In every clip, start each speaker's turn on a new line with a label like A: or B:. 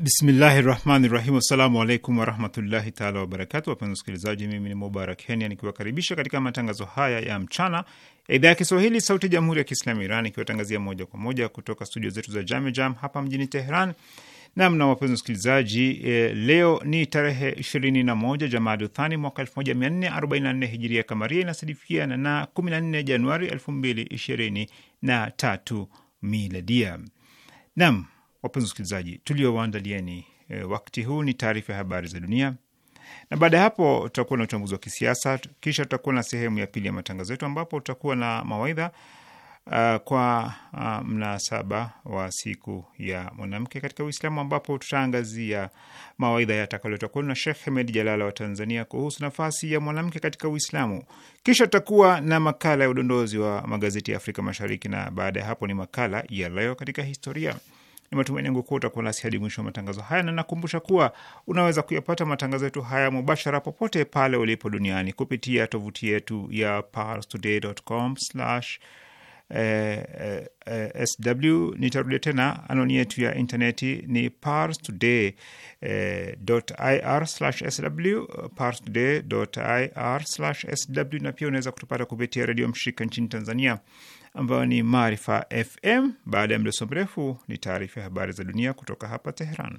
A: Bismillahi rahmani rahim. Assalamu alaikum warahmatullahi taala wabarakatu. Wapenzi wasikilizaji, mimi ni Mubarak Kenya nikiwakaribisha katika matangazo haya ya mchana ya idhaa ya Kiswahili sauti ya jamhuri ya Kiislamu Iran ikiwatangazia moja kwa moja kutoka studio zetu za Jame Jam hapa mjini teheran Namna wapenzi wasikilizaji, eh, leo ni tarehe 21 Jamadi Uthani mwaka 1444 hijiria kamaria, inasadifiana na 14 Januari 2023 miladia. Naam wapenzi wasikilizaji, tuliowaandalieni e, wakati huu ni taarifa ya habari za dunia, na baada ya hapo tutakuwa na uchambuzi wa kisiasa, kisha tutakuwa na sehemu ya pili ya matangazo yetu ambapo tutakuwa na mawaidha Uh, kwa uh, mnasaba wa siku ya mwanamke katika Uislamu ambapo tutaangazia mawaidha yatakayoletwa kwenu na Shekh Hemed Jalala wa Tanzania kuhusu nafasi ya mwanamke katika Uislamu. Kisha tutakuwa na makala ya udondozi wa magazeti ya Afrika Mashariki na baada ya hapo ni makala ya leo katika historia. Ni matumaini yangu kuwa utakuwa nasi hadi mwisho wa matangazo haya, na nakumbusha kuwa unaweza kuyapata matangazo yetu haya mubashara popote pale ulipo duniani kupitia tovuti yetu ya parstoday.com/sw. Eh, eh, eh, Nitarudia tena, anwani yetu ya intaneti ni parstoday.ir/sw, parstoday.ir/sw, na pia unaweza kutupata kupitia redio mshirika nchini Tanzania ambayo ni Maarifa FM. Baada ya mdoso mrefu ni taarifa ya habari za dunia kutoka hapa Teheran.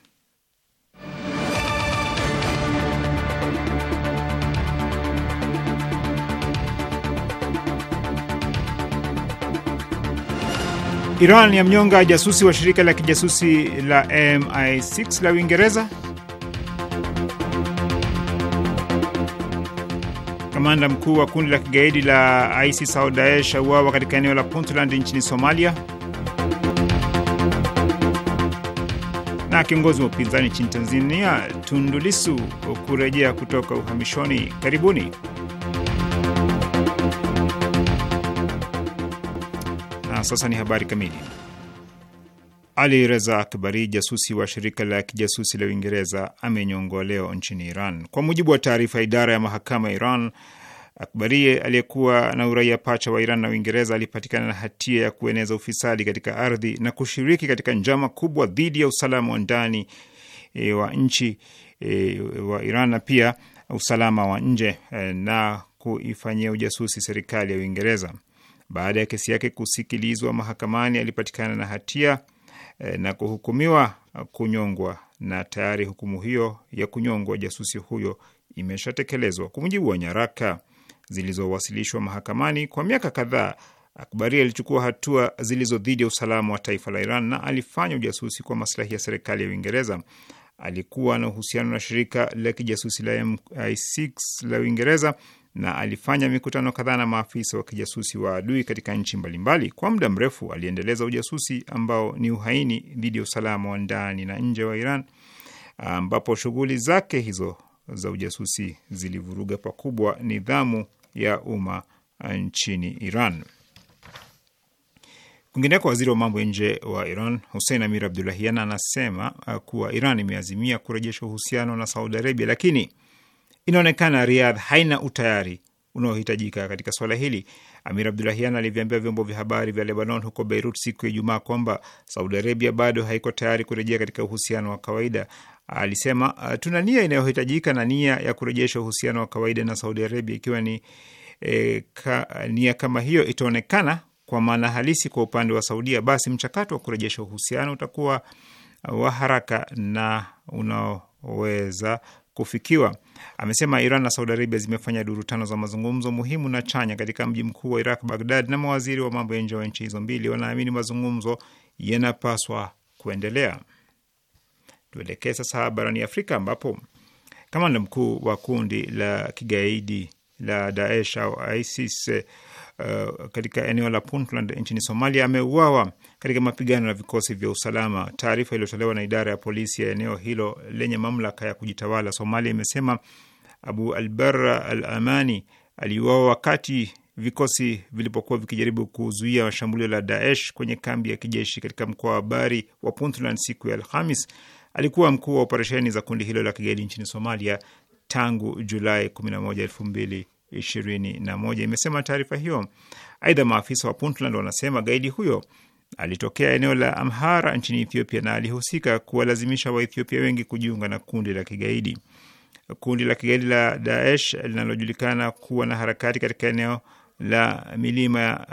A: Iran ya mnyonga jasusi wa shirika la kijasusi la MI6 la Uingereza. Kamanda mkuu wa kundi la kigaidi la ISIS au Daesh auawa katika eneo la Puntland nchini Somalia. na kiongozi wa upinzani nchini Tanzania tundulisu kurejea kutoka uhamishoni. Karibuni. sasa ni habari kamili. Ali Reza Akbari, jasusi wa shirika la kijasusi la Uingereza, amenyongwa leo nchini Iran. Kwa mujibu wa taarifa ya idara ya mahakama ya Iran, Akbari aliyekuwa na uraia pacha wa Iran na Uingereza alipatikana na hatia ya kueneza ufisadi katika ardhi na kushiriki katika njama kubwa dhidi ya usalama wa ndani e, wa nchi e, wa Iran na pia usalama wa nje e, na kuifanyia ujasusi serikali ya Uingereza. Baada ya kesi yake kusikilizwa mahakamani, alipatikana na hatia eh, na kuhukumiwa eh, kunyongwa, na tayari hukumu hiyo ya kunyongwa jasusi huyo imeshatekelezwa kwa mujibu wa nyaraka zilizowasilishwa mahakamani. Kwa miaka kadhaa, Akbari alichukua hatua zilizo dhidi ya usalama wa taifa la Iran na alifanya ujasusi kwa maslahi ya serikali ya Uingereza. Alikuwa na uhusiano na shirika la kijasusi la MI6 la Uingereza na alifanya mikutano kadhaa na maafisa wa kijasusi wa adui katika nchi mbalimbali. Kwa muda mrefu aliendeleza ujasusi ambao ni uhaini dhidi ya usalama wa ndani na nje wa Iran, ambapo shughuli zake hizo za ujasusi zilivuruga pakubwa nidhamu ya umma nchini Iran. Kwingineko, waziri wa mambo ya nje wa Iran Hussein Amir Abdulahian anasema uh, kuwa Iran imeazimia kurejesha uhusiano na Saudi Arabia, lakini inaonekana Riyadh haina utayari unaohitajika katika swala hili. Amir Abdulahian aliviambia vyombo vya habari vya Lebanon huko Beirut siku ya Ijumaa kwamba Saudi Arabia bado haiko tayari kurejea katika uhusiano wa kawaida. Alisema ah, tuna nia inayohitajika na nia ya kurejesha uhusiano wa kawaida na Saudi Arabia. Ikiwa ni e, ka, nia kama hiyo itaonekana kwa maana halisi kwa upande wa Saudia, basi mchakato wa kurejesha uhusiano utakuwa wa haraka na unaoweza kufikiwa. Amesema Iran na Saudi Arabia zimefanya duru tano za mazungumzo muhimu na chanya katika mji mkuu wa Iraq, Bagdad, na mawaziri wa mambo ya nje wa nchi hizo mbili wanaamini mazungumzo yanapaswa kuendelea. Tuelekee sasa barani Afrika ambapo kamanda mkuu wa kundi la kigaidi la Daesh au ISIS Uh, katika eneo la Puntland nchini Somalia ameuawa katika mapigano na vikosi vya usalama. Taarifa iliyotolewa na idara ya polisi ya eneo hilo lenye mamlaka ya kujitawala Somalia imesema Abu Albarra Al Amani aliuawa wakati vikosi vilipokuwa vikijaribu kuzuia shambulio la Daesh kwenye kambi ya kijeshi katika mkoa wa Bari wa Puntland siku ya Alhamis. Alikuwa mkuu wa operesheni za kundi hilo la kigaidi nchini Somalia tangu Julai 11, 2000 2021, imesema taarifa hiyo. Aidha, maafisa wa Puntland wanasema gaidi huyo alitokea eneo la Amhara nchini Ethiopia na alihusika kuwalazimisha Waethiopia wengi kujiunga na kundi la kigaidi. Kundi la kigaidi la Daesh linalojulikana kuwa na harakati katika eneo la milima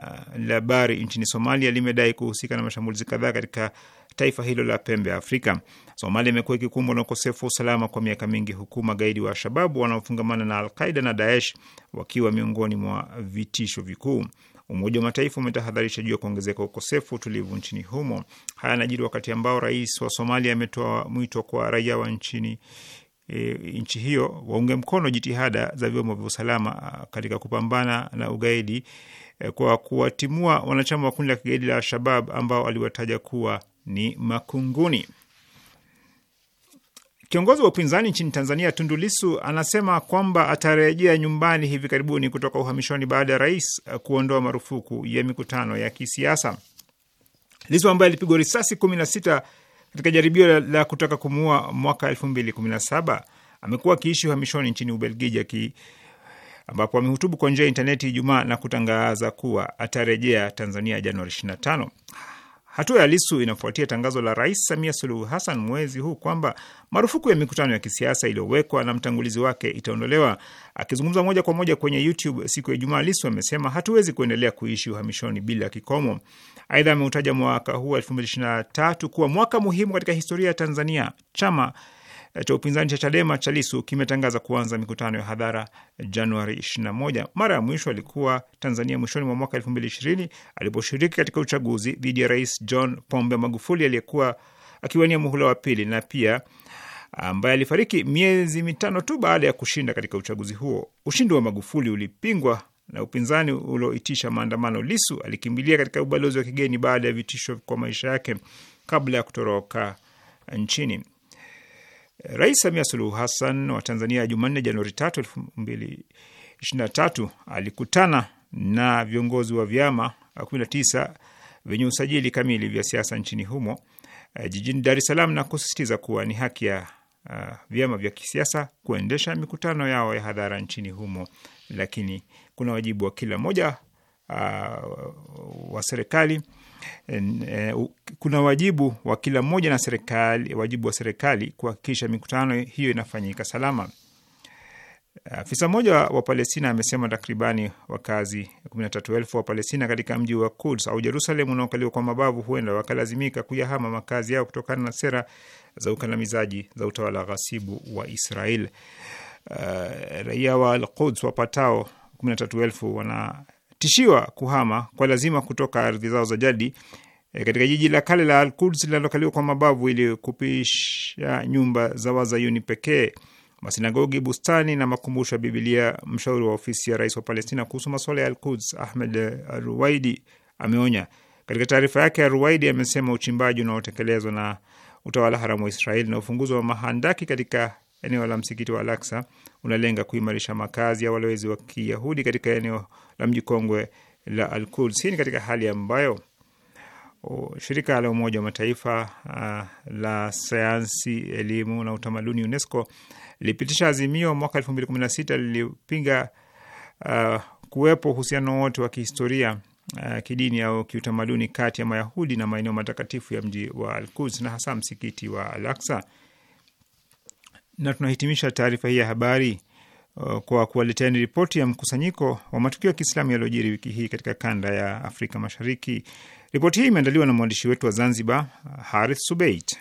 A: la Bari nchini Somalia limedai kuhusika na mashambulizi kadhaa katika taifa hilo la pembe ya Afrika. Somalia imekuwa ikikumbwa na ukosefu wa usalama kwa miaka mingi, huku magaidi wa Alshababu wanaofungamana na Alqaida na Daesh wakiwa miongoni mwa vitisho vikuu. Umoja wa Mataifa umetahadharisha juu ya kuongezeka ukosefu utulivu nchini humo. Haya yanajiri wakati ambao rais wa Somalia ametoa mwito kwa raia wa nchini e, nchi hiyo waunge mkono jitihada za vyombo vya usalama katika kupambana na ugaidi e, kwa kuwatimua wanachama wa kundi la kigaidi la Al-Shabab ambao aliwataja kuwa ni makunguni. Kiongozi wa upinzani nchini Tanzania Tundu anasema kwamba atarejea nyumbani hivi karibuni kutoka uhamishoni baada ya rais kuondoa marufuku ya mikutano ya kisiasa. lisu ambaye alipigwa risasi 16 katika jaribio la, la kutaka kumuua mwaka 217 amekuwa akiishi uhamishoni nchini Ubelgiji ambapo amehutubu kwa njia ya intaneti Ijumaa na kutangaza kuwa atarejea Tanzania Januari 25. Hatua ya Lisu inafuatia tangazo la Rais Samia Suluhu Hassan mwezi huu kwamba marufuku ya mikutano ya kisiasa iliyowekwa na mtangulizi wake itaondolewa. Akizungumza moja kwa moja kwenye YouTube siku ya Ijumaa, Lisu amesema hatuwezi kuendelea kuishi uhamishoni bila kikomo. Aidha, ameutaja mwaka huu 2023 kuwa mwaka muhimu katika historia ya Tanzania. Chama Eh, cha upinzani cha Chadema cha Lisu kimetangaza kuanza mikutano ya hadhara Januari 21. Mara ya mwisho alikuwa Tanzania mwishoni mwa mwaka 2020 aliposhiriki katika uchaguzi dhidi ya Rais John Pombe Magufuli aliyekuwa akiwania muhula wa pili na pia ambaye alifariki miezi mitano tu baada ya kushinda katika uchaguzi huo. Ushindi wa Magufuli ulipingwa na upinzani ulioitisha maandamano. Lisu alikimbilia katika ubalozi wa kigeni baada ya vitisho kwa maisha yake kabla ya kutoroka nchini. Rais Samia Suluhu Hassan wa Tanzania Jumanne, Januari 3 elfu alikutana na viongozi wa vyama 19 vyenye usajili kamili vya siasa nchini humo eh, jijini Dar es Salaam na kusisitiza kuwa ni haki ya uh, vyama vya kisiasa kuendesha mikutano yao ya hadhara nchini humo, lakini kuna wajibu wa kila mmoja uh, wa serikali Eh, kuna wajibu wa kila mmoja na serikali, wajibu wa serikali kuhakikisha mikutano hiyo inafanyika salama. Afisa mmoja wa Palestina amesema takribani wakazi 13,000 wa Palestina katika mji wa Kuds au Jerusalem unaokaliwa kwa mabavu huenda wakalazimika kuyahama makazi yao kutokana na sera za ukandamizaji za utawala ghasibu wa Israel. Uh, raia wa Al Quds wapatao 13,000 wana wametishiwa kuhama kwa lazima kutoka ardhi zao za jadi e, katika jiji la kale la Al-Quds linalokaliwa kwa mabavu ili kupisha nyumba za wazayuni pekee, masinagogi, bustani na makumbusho ya Bibilia. Mshauri wa ofisi ya rais wa Palestina kuhusu masuala ya Al-Quds, Ahmed Ruwaidi, ameonya katika taarifa yake. aruwaidi Ruwaidi amesema uchimbaji unaotekelezwa na utawala haramu wa Israeli na ufunguzi wa mahandaki katika eneo la msikiti wa Al-Aqsa unalenga kuimarisha makazi ya walowezi wa Kiyahudi katika eneo la mji kongwe la Al-Quds. Hii ni katika hali ambayo shirika la Umoja wa Mataifa uh, la sayansi, elimu na utamaduni UNESCO lilipitisha azimio mwaka 2016 lilipinga uh, kuwepo uhusiano wote wa kihistoria uh, kidini au kiutamaduni kati ya Mayahudi na maeneo matakatifu ya mji wa Al-Quds na hasa msikiti wa Al-Aqsa na tunahitimisha taarifa hii ya habari uh, kwa kuwaleteni ripoti ya mkusanyiko wa matukio ya Kiislamu yaliyojiri wiki hii katika kanda ya Afrika Mashariki. Ripoti hii imeandaliwa na mwandishi wetu wa Zanzibar, Harith Subeit.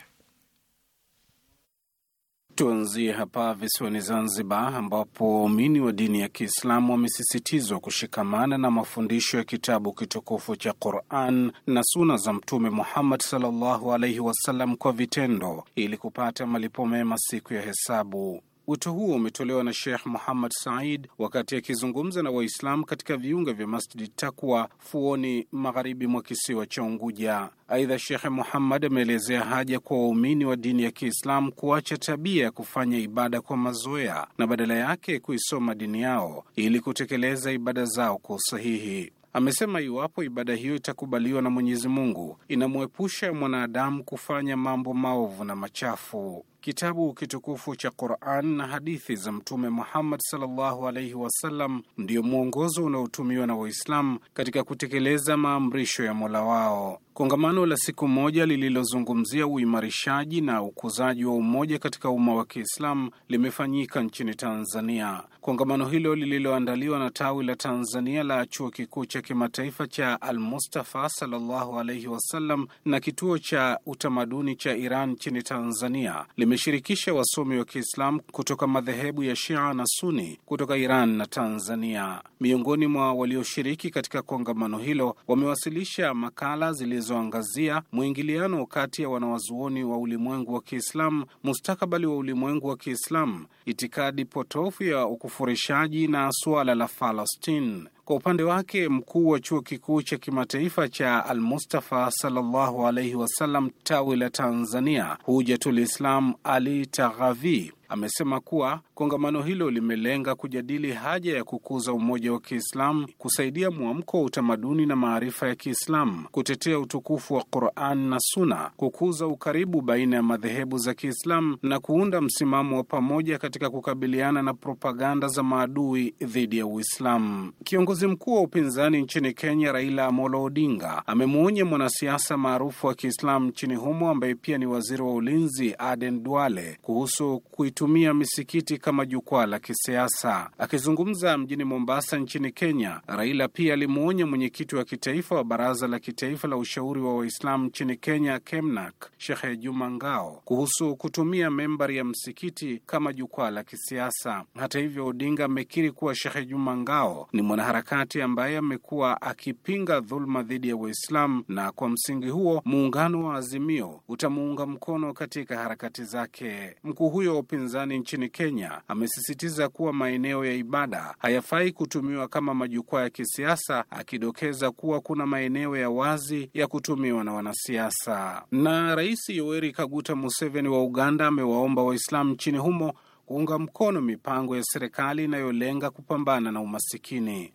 B: Tuanzie hapa visiwani Zanzibar, ambapo waumini wa dini ya Kiislamu wamesisitizwa kushikamana na mafundisho ya kitabu kitukufu cha Quran na suna za Mtume Muhammad sallallahu alaihi wasallam kwa vitendo, ili kupata malipo mema siku ya hesabu. Wito huo umetolewa na Sheikh Muhammad Said wakati akizungumza na Waislamu katika viunga vya Masjidi Takwa Fuoni, magharibi mwa kisiwa cha Unguja. Aidha, Sheikh Muhammad ameelezea haja kwa waumini wa dini ya Kiislamu kuacha tabia ya kufanya ibada kwa mazoea na badala yake kuisoma dini yao ili kutekeleza ibada zao kwa usahihi. Amesema iwapo ibada hiyo itakubaliwa na Mwenyezi Mungu, inamwepusha mwanadamu kufanya mambo maovu na machafu kitabu kitukufu cha Quran na hadithi za Mtume Muhammad sallallahu alaihi wasallam ndiyo mwongozo unaotumiwa na Waislamu katika kutekeleza maamrisho ya Mola wao. Kongamano la siku moja lililozungumzia uimarishaji na ukuzaji wa umoja katika umma wa Kiislamu limefanyika nchini Tanzania. Kongamano hilo lililoandaliwa na tawi la Tanzania la chuo kikuu cha kimataifa cha Almustafa sallallahu alaihi wasallam na kituo cha utamaduni cha Iran nchini Tanzania lime ulishirikisha wasomi wa kiislam kutoka madhehebu ya Shia na Suni kutoka Iran na Tanzania. Miongoni mwa walioshiriki katika kongamano hilo wamewasilisha makala zilizoangazia mwingiliano kati ya wanawazuoni wa ulimwengu wa kiislam mustakabali wa ulimwengu wa kiislam itikadi potofu ya ukufurishaji na suala la Palestine. Kwa upande wake mkuu wa chuo kikuu cha kimataifa cha Almustafa sallallahu alaihi wasallam tawi la Tanzania Hujatul Islam Ali Taghavi amesema kuwa kongamano hilo limelenga kujadili haja ya kukuza umoja wa Kiislamu, kusaidia mwamko wa utamaduni na maarifa ya Kiislamu, kutetea utukufu wa Quran na Suna, kukuza ukaribu baina ya madhehebu za Kiislamu na kuunda msimamo wa pamoja katika kukabiliana na propaganda za maadui dhidi ya Uislamu. Kiongozi mkuu wa upinzani nchini Kenya, Raila Amolo Odinga, amemwonya mwanasiasa maarufu wa Kiislamu nchini humo ambaye pia ni waziri wa ulinzi Aden Duale kuhusu kuitumia misikiti kama jukwaa la kisiasa. Akizungumza mjini Mombasa nchini Kenya, Raila pia alimwonya mwenyekiti wa kitaifa wa Baraza la Kitaifa la Ushauri wa Waislamu nchini Kenya, KEMNAK, Shehe Juma Ngao kuhusu kutumia membari ya msikiti kama jukwaa la kisiasa. Hata hivyo, Odinga amekiri kuwa Shehe Juma Ngao ni mwanaharakati ambaye amekuwa akipinga dhuluma dhidi ya Waislamu, na kwa msingi huo muungano wa Azimio utamuunga mkono katika harakati zake. Mkuu huyo wa upinzani nchini Kenya amesisitiza kuwa maeneo ya ibada hayafai kutumiwa kama majukwaa ya kisiasa, akidokeza kuwa kuna maeneo ya wazi ya kutumiwa na wanasiasa. Na Rais Yoweri Kaguta Museveni wa Uganda amewaomba Waislamu nchini humo kuunga mkono mipango ya serikali inayolenga kupambana na umasikini.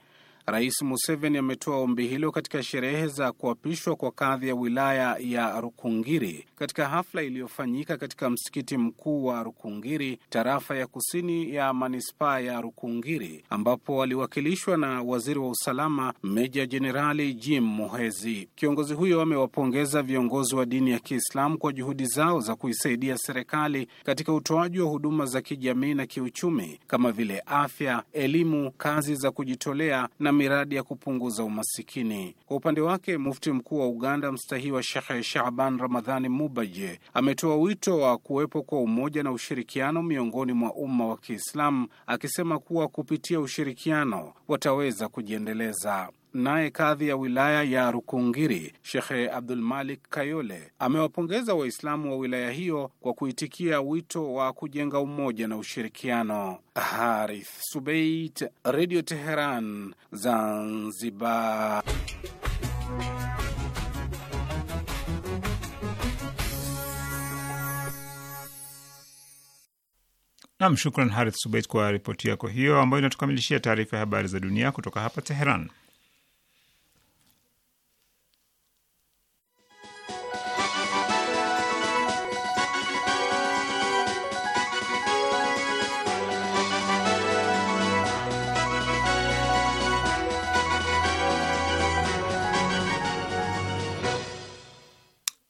B: Rais Museveni ametoa ombi hilo katika sherehe za kuapishwa kwa kadhi ya wilaya ya Rukungiri katika hafla iliyofanyika katika msikiti mkuu wa Rukungiri, tarafa ya kusini ya manispaa ya Rukungiri, ambapo waliwakilishwa na waziri wa usalama Meja Jenerali Jim Muhezi. Kiongozi huyo amewapongeza viongozi wa dini ya Kiislamu kwa juhudi zao za kuisaidia serikali katika utoaji wa huduma za kijamii na kiuchumi kama vile afya, elimu, kazi za kujitolea na na miradi ya kupunguza umasikini. Kwa upande wake, mufti mkuu wa Uganda mstahii shehe Shaban Ramadhani Mubaje ametoa wito wa kuwepo kwa umoja na ushirikiano miongoni mwa umma wa Kiislamu akisema kuwa kupitia ushirikiano wataweza kujiendeleza. Naye kadhi ya wilaya ya Rukungiri Shekhe Abdul Malik Kayole amewapongeza Waislamu wa wilaya hiyo kwa kuitikia wito wa kujenga umoja na ushirikiano. Harith Subeit, Redio Teheran, Zanzibar.
A: Nam, shukran Harith Subeit kwa ripoti yako hiyo ambayo inatukamilishia taarifa ya habari za dunia kutoka hapa Teheran.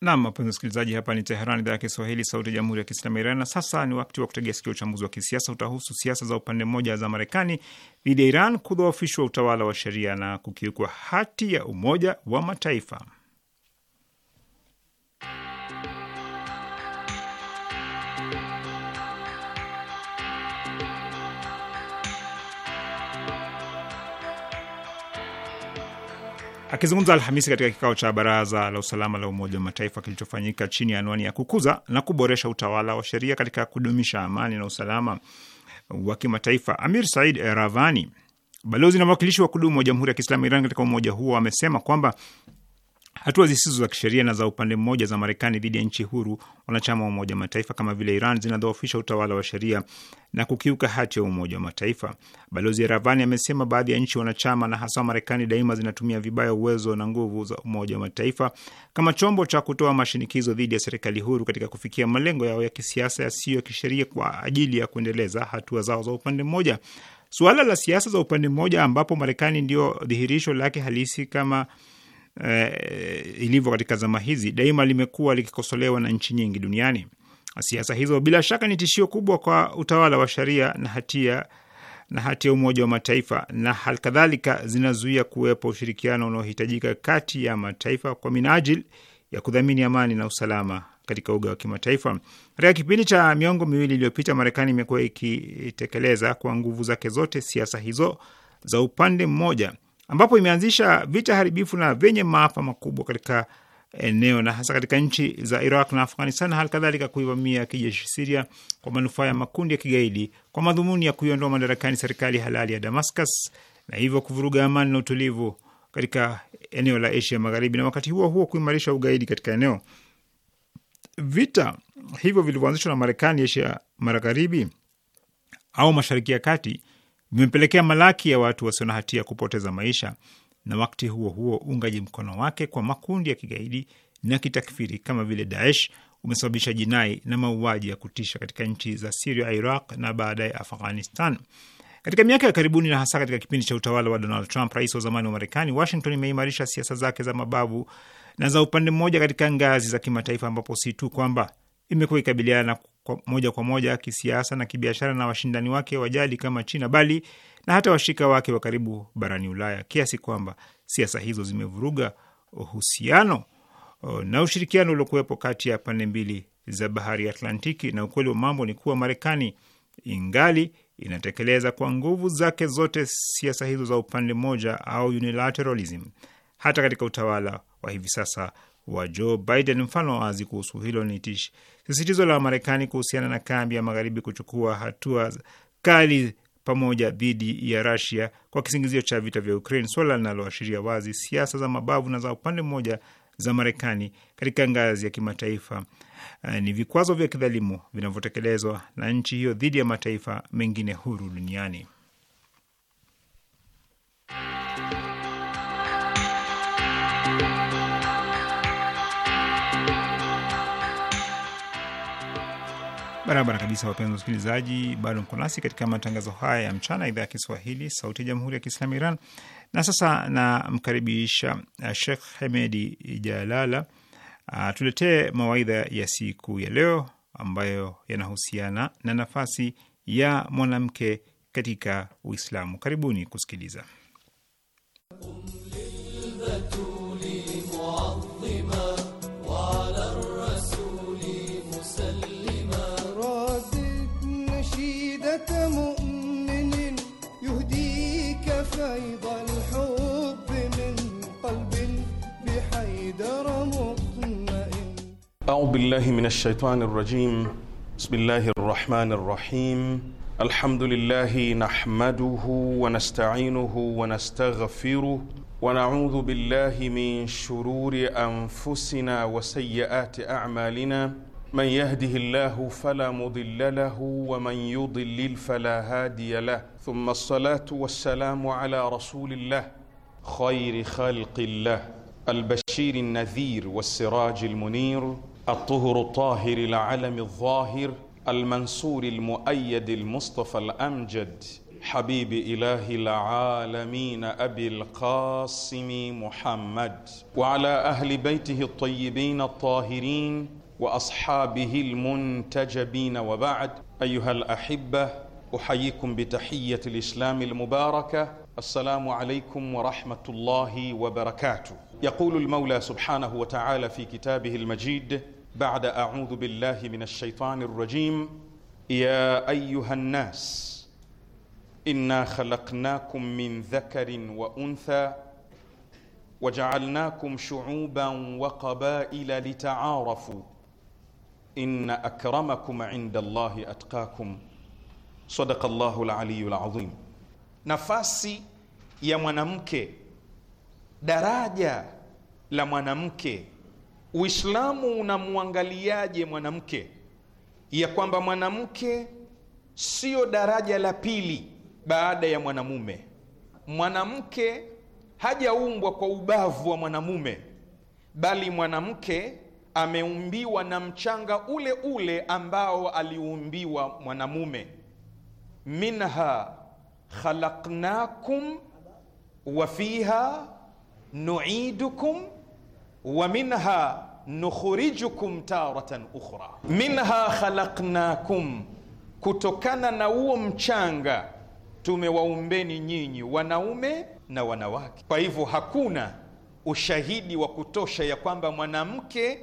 A: Nam, wapenzi usikilizaji hapa ni Teheran, idhaa ya Kiswahili, sauti ya jamhuri ya kiislamu ya Iran. Na sasa ni wakati wa kutegea sikio. Uchambuzi wa kisiasa utahusu siasa za upande mmoja za Marekani dhidi ya Iran, kudhoofishwa utawala wa sheria na kukiukwa hati ya Umoja wa Mataifa. Akizungumza Alhamisi katika kikao cha baraza la usalama la Umoja wa Mataifa kilichofanyika chini ya anwani ya kukuza na kuboresha utawala wa sheria katika kudumisha amani na usalama wa kimataifa, Amir Said ravani balozi na mwakilishi wa kudumu wa Jamhuri ya Kiislamu Iran katika umoja huo, amesema kwamba Hatua zisizo za kisheria na za upande mmoja za Marekani dhidi ya nchi huru wanachama wa Umoja Mataifa kama vile Iran zinadhoofisha utawala wa sheria na kukiuka hati ya Umoja wa Mataifa. Balozi Ravani amesema baadhi ya nchi wanachama na hasa Marekani daima zinatumia vibaya uwezo na nguvu za Umoja wa Mataifa kama chombo cha kutoa mashinikizo dhidi ya serikali huru katika kufikia malengo yao ya kisiasa yasiyo ya kisheria kwa ajili ya kuendeleza hatua zao za upande mmoja. Suala la siasa za upande mmoja ambapo Marekani ndio dhihirisho lake halisi kama eh, ilivyo katika zama hizi, daima limekuwa likikosolewa na nchi nyingi duniani. Siasa hizo bila shaka ni tishio kubwa kwa utawala wa sheria na hatia na hati ya Umoja wa Mataifa na kadhalika zinazuia kuwepo ushirikiano unaohitajika kati ya mataifa kwa minajili ya kudhamini amani na usalama katika uga wa kimataifa. Katika kipindi cha miongo miwili iliyopita, Marekani imekuwa ikitekeleza kwa nguvu zake zote siasa hizo za upande mmoja ambapo imeanzisha vita haribifu na vyenye maafa makubwa katika eneo na hasa katika nchi za Iraq na Afghanistan, hali kadhalika kuivamia kijeshi Siria kwa manufaa ya makundi ya kigaidi kwa madhumuni ya kuiondoa madarakani serikali halali ya Damascus na hivyo kuvuruga amani na utulivu katika eneo la Asia Magharibi, na wakati huo huo kuimarisha ugaidi katika eneo. Vita hivyo vilivyoanzishwa na Marekani Asia Magharibi au Mashariki ya Kati vimepelekea malaki ya watu wasio na hatia kupoteza maisha, na wakati huo huo uungaji mkono wake kwa makundi ya kigaidi na kitakfiri kama vile Daesh umesababisha jinai na mauaji ya kutisha katika nchi za Siria, Iraq na baadaye Afghanistan. Katika miaka ya karibuni na hasa katika kipindi cha utawala wa Donald Trump, rais wa zamani wa Marekani, Washington imeimarisha siasa zake za mabavu na za upande mmoja katika ngazi za kimataifa, ambapo si tu kwamba imekuwa ikikabiliana na kwa moja kwa moja kisiasa na kibiashara na washindani wake wajali kama China, bali na hata washirika wake wa karibu barani Ulaya, kiasi kwamba siasa hizo zimevuruga uhusiano na ushirikiano uliokuwepo kati ya pande mbili za bahari ya Atlantiki. Na ukweli wa mambo ni kuwa Marekani ingali inatekeleza kwa nguvu zake zote siasa hizo za upande mmoja au unilateralism, hata katika utawala wa hivi sasa wa Joe Biden mfano wazi kuhusu hilo ni tishi. Sisitizo la Marekani kuhusiana na kambi ya magharibi kuchukua hatua kali pamoja dhidi ya rasia kwa kisingizio cha vita vya Ukraine, swala linaloashiria wazi siasa za mabavu na za upande mmoja za Marekani katika ngazi ya kimataifa. Uh, ni vikwazo vya kidhalimu vinavyotekelezwa na nchi hiyo dhidi ya mataifa mengine huru duniani. Barabara kabisa, wapenzi wasikilizaji, bado mko nasi katika matangazo haya ya mchana, idhaa ya Kiswahili, sauti ya jamhuri ya kiislamu Iran. Na sasa namkaribisha uh, Shekh Hemedi Jalala atuletee uh, mawaidha ya siku ya leo ambayo yanahusiana na nafasi ya mwanamke katika Uislamu. Karibuni kusikiliza
C: أعوذ بالله من الشيطان الرجيم بسم الله الرحمن الرحيم الحمد لله نحمده ونستعينه ونستغفره ونعوذ بالله من شرور أنفسنا وسيئات أعمالنا من يهده الله فلا مضل له ومن يضلل فلا هادي له ثم الصلاة والسلام على رسول الله خير خلق الله البشير النذير والسراج المنير الطهر الطاهر العلم الظاهر المنصور المؤيد المصطفى الأمجد حبيب إله العالمين أبي القاسم محمد وعلى أهل بيته الطيبين الطاهرين وأصحابه المنتجبين وبعد أيها الأحبة أحييكم بتحية الإسلام المباركة السلام عليكم ورحمة الله وبركاته يقول المولى سبحانه وتعالى في كتابه المجيد بعد اعوذ بالله من الشيطان الرجيم يا ايها الناس انا خلقناكم من ذكر وانثى وجعلناكم شعوبا وقبائل لتعارفوا ان اكرمكم عند الله اتقاكم صدق الله العلي العظيم نفاسي يا mwanamke daraja la mwanamke. Uislamu unamwangaliaje mwanamke? Ya kwamba mwanamke sio daraja la pili baada ya mwanamume. Mwanamke hajaumbwa kwa ubavu wa mwanamume, bali mwanamke ameumbiwa na mchanga ule ule ambao aliumbiwa mwanamume. minha khalaqnakum wa fiha nuidukum wa minha nukhrijukum taratan ukhra. Minha khalaqnakum, kutokana na huo mchanga tumewaumbeni nyinyi wanaume na wanawake. Kwa hivyo hakuna ushahidi wa kutosha ya kwamba mwanamke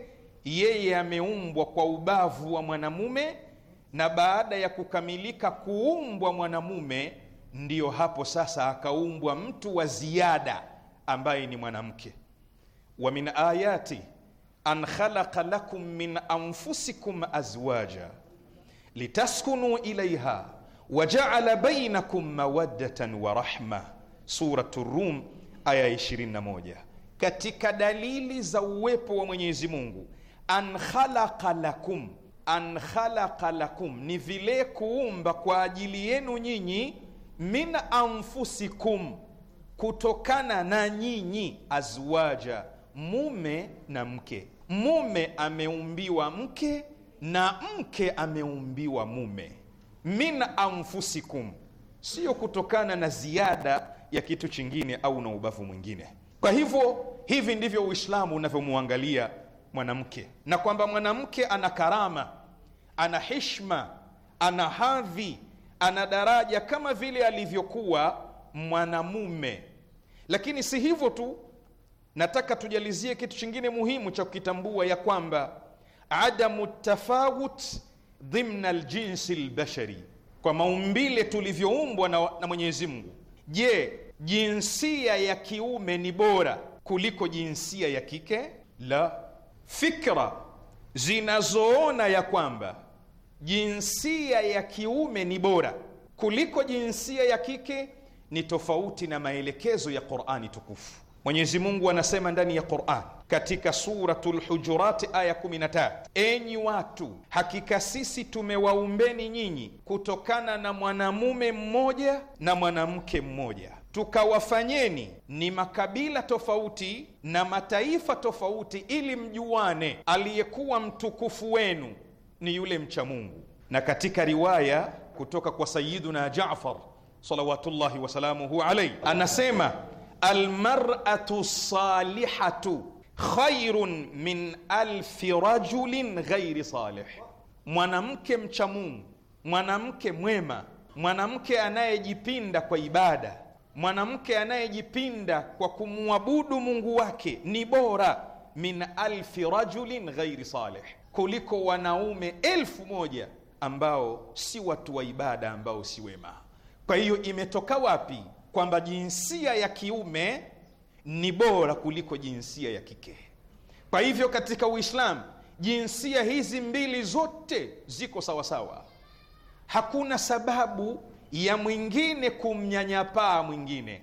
C: yeye ameumbwa kwa ubavu wa mwanamume, na baada ya kukamilika kuumbwa mwanamume, ndiyo hapo sasa akaumbwa mtu wa ziada ambaye ni mwanamke. Wa min ayati an khalaqa lakum min anfusikum azwaja litaskunu ilaiha wa jaala bainakum mawaddatan wa rahma, Suratu Rum aya 21. Katika dalili za uwepo wa Mwenyezi Mungu, an khalaqa lakum an khalaqa lakum ni vile kuumba kwa ajili yenu nyinyi, min anfusikum kutokana na nyinyi azwaja, mume na mke. Mume ameumbiwa mke na mke ameumbiwa mume. Min anfusikum, sio kutokana na ziada ya kitu chingine au na ubavu mwingine. Kwa hivyo hivi ndivyo Uislamu unavyomwangalia mwanamke, na kwamba mwanamke ana karama, ana hishma, ana hadhi, ana daraja kama vile alivyokuwa mwanamume lakini si hivyo tu, nataka tujalizie kitu chingine muhimu cha kukitambua ya kwamba adamu tafawut dhimna ljinsi lbashari, kwa maumbile tulivyoumbwa na, na Mwenyezi Mungu. Je, jinsia ya kiume ni bora kuliko jinsia ya kike? La. Fikra zinazoona ya kwamba jinsia ya kiume ni bora kuliko jinsia ya kike ni tofauti na maelekezo ya Qur'ani tukufu. Mwenyezi Mungu anasema ndani ya Qur'an katika Suratul Hujurat aya 13, enyi watu, hakika sisi tumewaumbeni nyinyi kutokana na mwanamume mmoja na mwanamke mmoja tukawafanyeni ni makabila tofauti na mataifa tofauti, ili mjuane aliyekuwa mtukufu wenu ni yule mcha Mungu. Na katika riwaya kutoka kwa Sayyiduna Jaafar salawatullahi wasalamuhu alaihi, anasema almar'atu salihatu khairun min alfi rajulin ghairi salih, mwanamke mcha Mungu, mwanamke mwema, mwanamke anayejipinda kwa ibada, mwanamke anayejipinda kwa kumwabudu Mungu wake ni bora min alfi rajulin ghairi salih, kuliko wanaume elfu moja ambao si watu wa ibada, ambao si wema. Kwa hiyo imetoka wapi kwamba jinsia ya kiume ni bora kuliko jinsia ya kike? Kwa hivyo katika Uislamu jinsia hizi mbili zote ziko sawasawa, hakuna sababu ya mwingine kumnyanyapaa mwingine,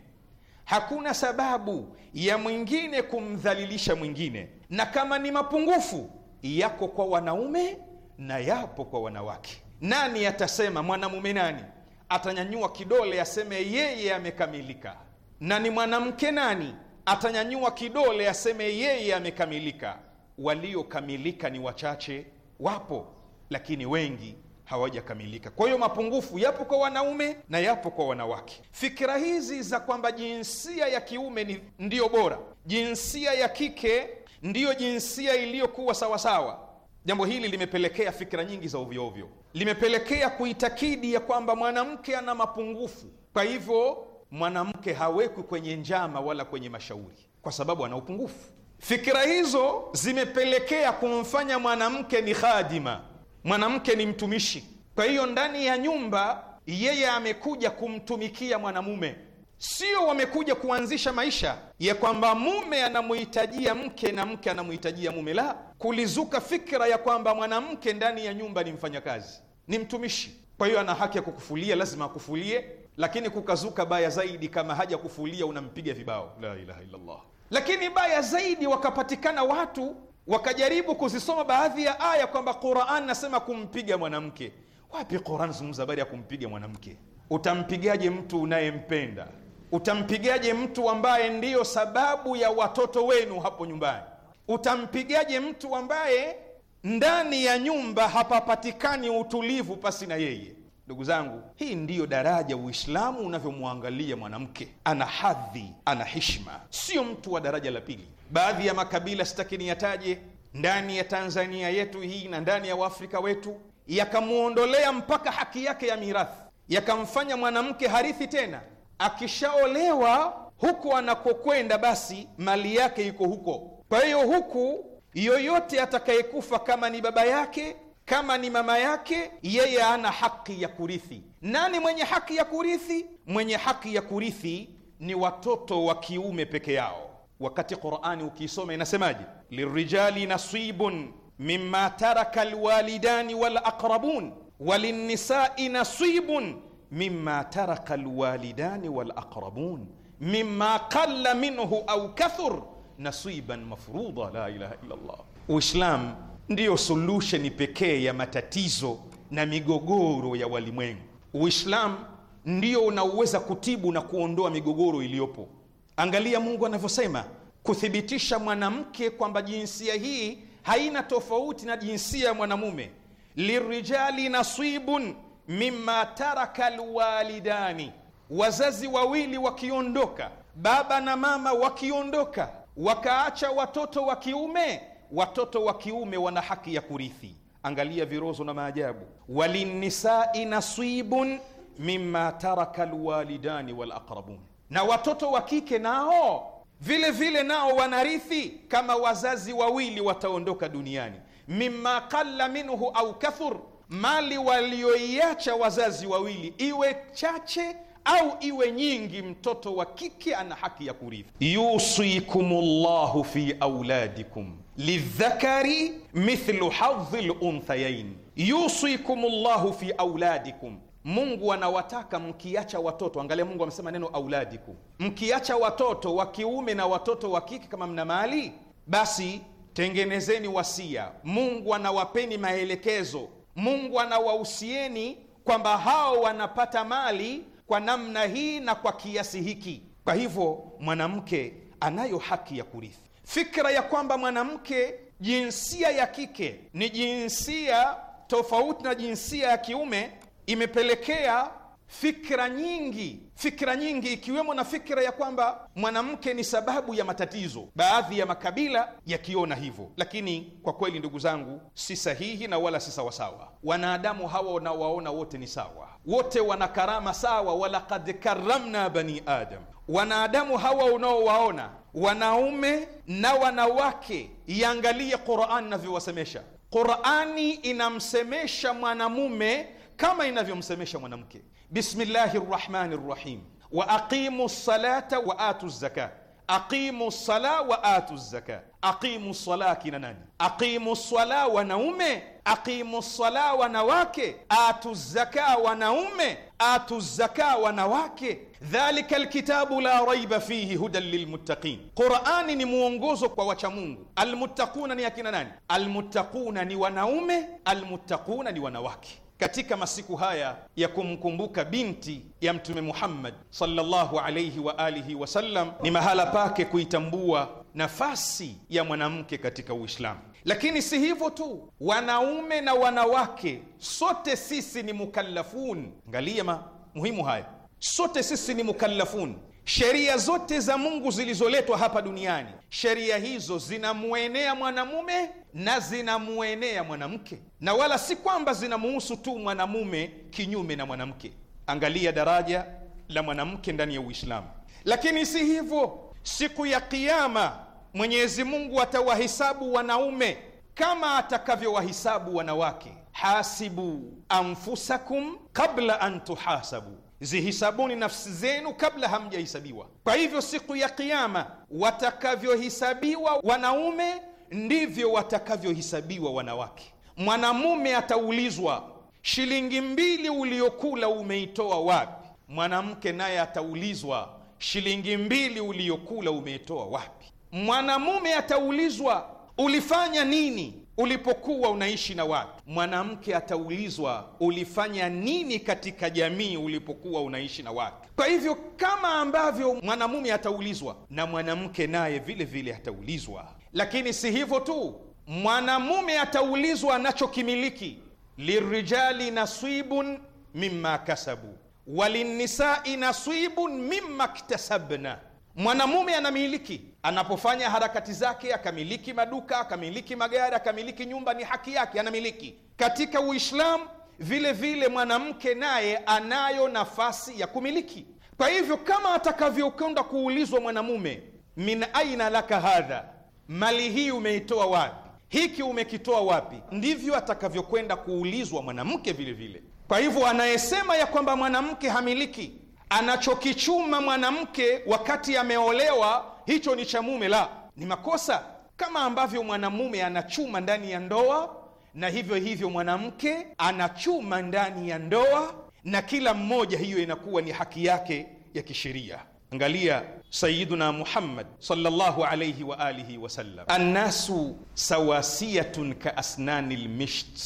C: hakuna sababu ya mwingine kumdhalilisha mwingine. Na kama ni mapungufu yako kwa wanaume na yapo kwa wanawake, nani atasema mwanamume nani atanyanyua kidole aseme yeye amekamilika. Na ni mwanamke nani atanyanyua kidole aseme yeye amekamilika? Waliokamilika ni wachache, wapo, lakini wengi hawajakamilika. Kwa hiyo mapungufu yapo kwa wanaume na yapo kwa wanawake. Fikira hizi za kwamba jinsia ya kiume ni ndiyo bora, jinsia ya kike ndiyo jinsia iliyokuwa sawasawa Jambo hili limepelekea fikira nyingi za ovyoovyo, limepelekea kuitakidi ya kwamba mwanamke ana mapungufu, kwa hivyo mwanamke hawekwi kwenye njama wala kwenye mashauri kwa sababu ana upungufu. Fikira hizo zimepelekea kumfanya mwanamke ni khadima, mwanamke ni mtumishi. Kwa hiyo ndani ya nyumba yeye amekuja kumtumikia mwanamume sio wamekuja kuanzisha maisha ya kwamba mume anamuhitajia mke na mke anamuhitajia mume. La, kulizuka fikra ya kwamba mwanamke ndani ya nyumba ni mfanyakazi, ni mtumishi, kwa hiyo ana haki ya kukufulia, lazima akufulie. Lakini kukazuka baya zaidi, kama haja kufulia unampiga vibao, la ilaha illallah. Lakini baya zaidi, wakapatikana watu wakajaribu kuzisoma baadhi ya aya kwamba Quran nasema kumpiga mwanamke. Wapi Quran zungumza habari ya kumpiga mwanamke? Utampigaje mtu unayempenda? Utampigaje mtu ambaye ndiyo sababu ya watoto wenu hapo nyumbani? Utampigaje mtu ambaye ndani ya nyumba hapapatikani utulivu pasi na yeye? Ndugu zangu, hii ndiyo daraja Uislamu unavyomwangalia mwanamke, ana hadhi, ana heshima, sio mtu wa daraja la pili. Baadhi ya makabila sitaki niyataje, ndani ya Tanzania yetu hii na ndani ya Waafrika wetu, yakamwondolea mpaka haki yake ya mirathi, yakamfanya mwanamke harithi tena akishaolewa huku anakokwenda, basi mali yake iko huko. Kwa hiyo huku yoyote atakayekufa, kama ni baba yake, kama ni mama yake, yeye ana haki ya kurithi. Nani mwenye haki ya kurithi? Mwenye haki ya kurithi ni watoto wa kiume peke yao. Wakati Qurani ukiisoma inasemaje? lirijali nasibun mimma taraka lwalidani walaqrabun walinisai nasibun mima taraka lwalidani walaqrabun mimma qalla minhu au kathur nasiban mafruda. La ilaha illa llah. Uislam ndiyo solusheni pekee ya matatizo na migogoro ya walimwengu. Uislam ndio unaoweza kutibu na kuondoa migogoro iliyopo. Angalia Mungu anavyosema kuthibitisha mwanamke kwamba jinsia hii haina tofauti na jinsia ya mwanamume, lirijali nasibun mima taraka lwalidani, wazazi wawili wakiondoka, baba na mama wakiondoka, wakaacha watoto wa kiume, watoto wa kiume wana haki ya kurithi. Angalia virozo na maajabu, walinisai nasibun mima taraka lwalidani walaqrabun, na watoto wa kike nao vile vile nao wanarithi kama wazazi wawili wataondoka duniani. Mimma qalla minhu au kathur mali walioiacha wazazi wawili, iwe chache au iwe nyingi, mtoto wa kike ana haki ya kurithi. yusikumullahu fi auladikum lidhakari mithlu hadhi lunthayain. yusikumullahu fi auladikum Mungu anawataka mkiacha watoto, angalia, Mungu amesema neno auladikum, mkiacha watoto wa kiume na watoto wa kike, kama mna mali basi tengenezeni wasia. Mungu anawapeni maelekezo Mungu anawahusieni kwamba hao wanapata mali kwa namna hii na kwa kiasi hiki. Kwa hivyo mwanamke anayo haki ya kurithi. Fikra ya kwamba mwanamke, jinsia ya kike ni jinsia tofauti na jinsia ya kiume imepelekea fikra nyingi, fikra nyingi ikiwemo na fikra ya kwamba mwanamke ni sababu ya matatizo. Baadhi ya makabila yakiona hivyo, lakini kwa kweli, ndugu zangu, si sahihi na wala si sawasawa. Wanadamu hawa wanaowaona wote ni sawa, wote wana karama sawa, walaqad karamna bani adam. Wanadamu hawa unaowaona wanaume na wanawake, iangalie Qurani inavyowasemesha. Qurani inamsemesha mwanamume kama inavyomsemesha mwanamke. Bismillahi rrahmani rrahim, wa aqimu salata wa atu zaka, aqimu sala wa atu zaka. Aqimu sala kina nani? Aqimu sala wanaume, aqimu sala wanawake, atu zaka wanaume, atu zaka wanawake. Dhalika alkitabu la raiba fihi hudan lilmuttaqin, Qurani ni mwongozo kwa wachamungu. Almuttaquna ni akina nani? Almuttaquna ni wanaume, almuttaquna ni wanawake katika masiku haya ya kumkumbuka binti ya Mtume Muhammad sallallahu alayhi wa alihi wasallam, ni mahala pake kuitambua nafasi ya mwanamke katika Uislamu. Lakini si hivyo tu, wanaume na wanawake, sote sisi ni mukallafun. Angalia ma muhimu haya, sote sisi ni mukallafun. Sheria zote za Mungu zilizoletwa hapa duniani, sheria hizo zinamwenea mwanamume na zinamuenea mwanamke, na wala si kwamba zinamuhusu tu mwanamume kinyume na mwanamke. Angalia daraja la mwanamke ndani ya Uislamu. Lakini si hivyo, siku ya Kiama Mwenyezi Mungu atawahisabu wanaume kama atakavyowahisabu wanawake. Hasibu anfusakum kabla an tuhasabu, zihisabuni nafsi zenu kabla hamjahisabiwa. Kwa hivyo siku ya Kiama watakavyohisabiwa wanaume ndivyo watakavyohesabiwa wanawake. Mwanamume ataulizwa shilingi mbili uliyokula umeitoa wapi? Mwanamke naye ataulizwa shilingi mbili uliyokula umeitoa wapi? Mwanamume ataulizwa ulifanya nini ulipokuwa unaishi na watu. Mwanamke ataulizwa ulifanya nini katika jamii ulipokuwa unaishi na watu. Kwa hivyo, kama ambavyo mwanamume ataulizwa, na mwanamke naye vile vile ataulizwa lakini si hivyo tu, mwanamume ataulizwa anachokimiliki, lirijali nasibun mimma kasabu walinisai nasibun mimma ktasabna. Mwanamume anamiliki anapofanya harakati zake, akamiliki maduka, akamiliki magari, akamiliki nyumba, ni haki yake, anamiliki. Katika Uislamu vile vile mwanamke naye anayo nafasi ya kumiliki. Kwa hivyo kama atakavyokwenda kuulizwa mwanamume, min aina laka hadha mali hii umeitoa wapi? Hiki umekitoa wapi? Ndivyo atakavyokwenda kuulizwa mwanamke vile vile. Kwa hivyo, anayesema ya kwamba mwanamke hamiliki anachokichuma mwanamke wakati ameolewa, hicho ni cha mume, la ni makosa, kama ambavyo mwanamume anachuma ndani ya ndoa, na hivyo hivyo mwanamke anachuma ndani ya ndoa, na kila mmoja, hiyo inakuwa ni haki yake ya kisheria. Angalia Sayyiduna Muhammad sallallahu alayhi wa alihi wasallam, annasu sawasiyatun ka asnani lmisht,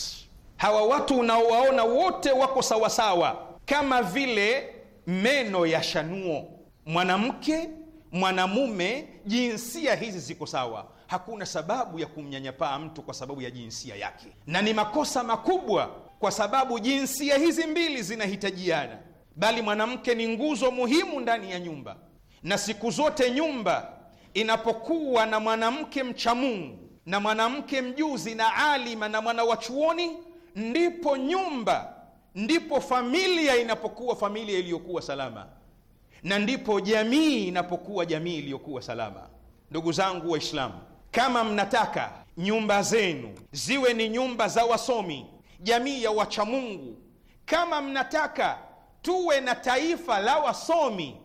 C: hawa watu unaowaona wote wako sawasawa kama vile meno ya shanuo. Mwanamke, mwanamume, jinsia hizi ziko sawa. Hakuna sababu ya kumnyanyapaa mtu kwa sababu ya jinsia yake, na ni makosa makubwa kwa sababu jinsia hizi mbili zinahitajiana, bali mwanamke ni nguzo muhimu ndani ya nyumba na siku zote nyumba inapokuwa na mwanamke mcha Mungu na mwanamke mjuzi na alima na mwana wa chuoni, ndipo nyumba, ndipo familia inapokuwa familia iliyokuwa salama, na ndipo jamii inapokuwa jamii iliyokuwa salama. Ndugu zangu Waislamu, kama mnataka nyumba zenu ziwe ni nyumba za wasomi, jamii ya wachamungu, kama mnataka tuwe na taifa la wasomi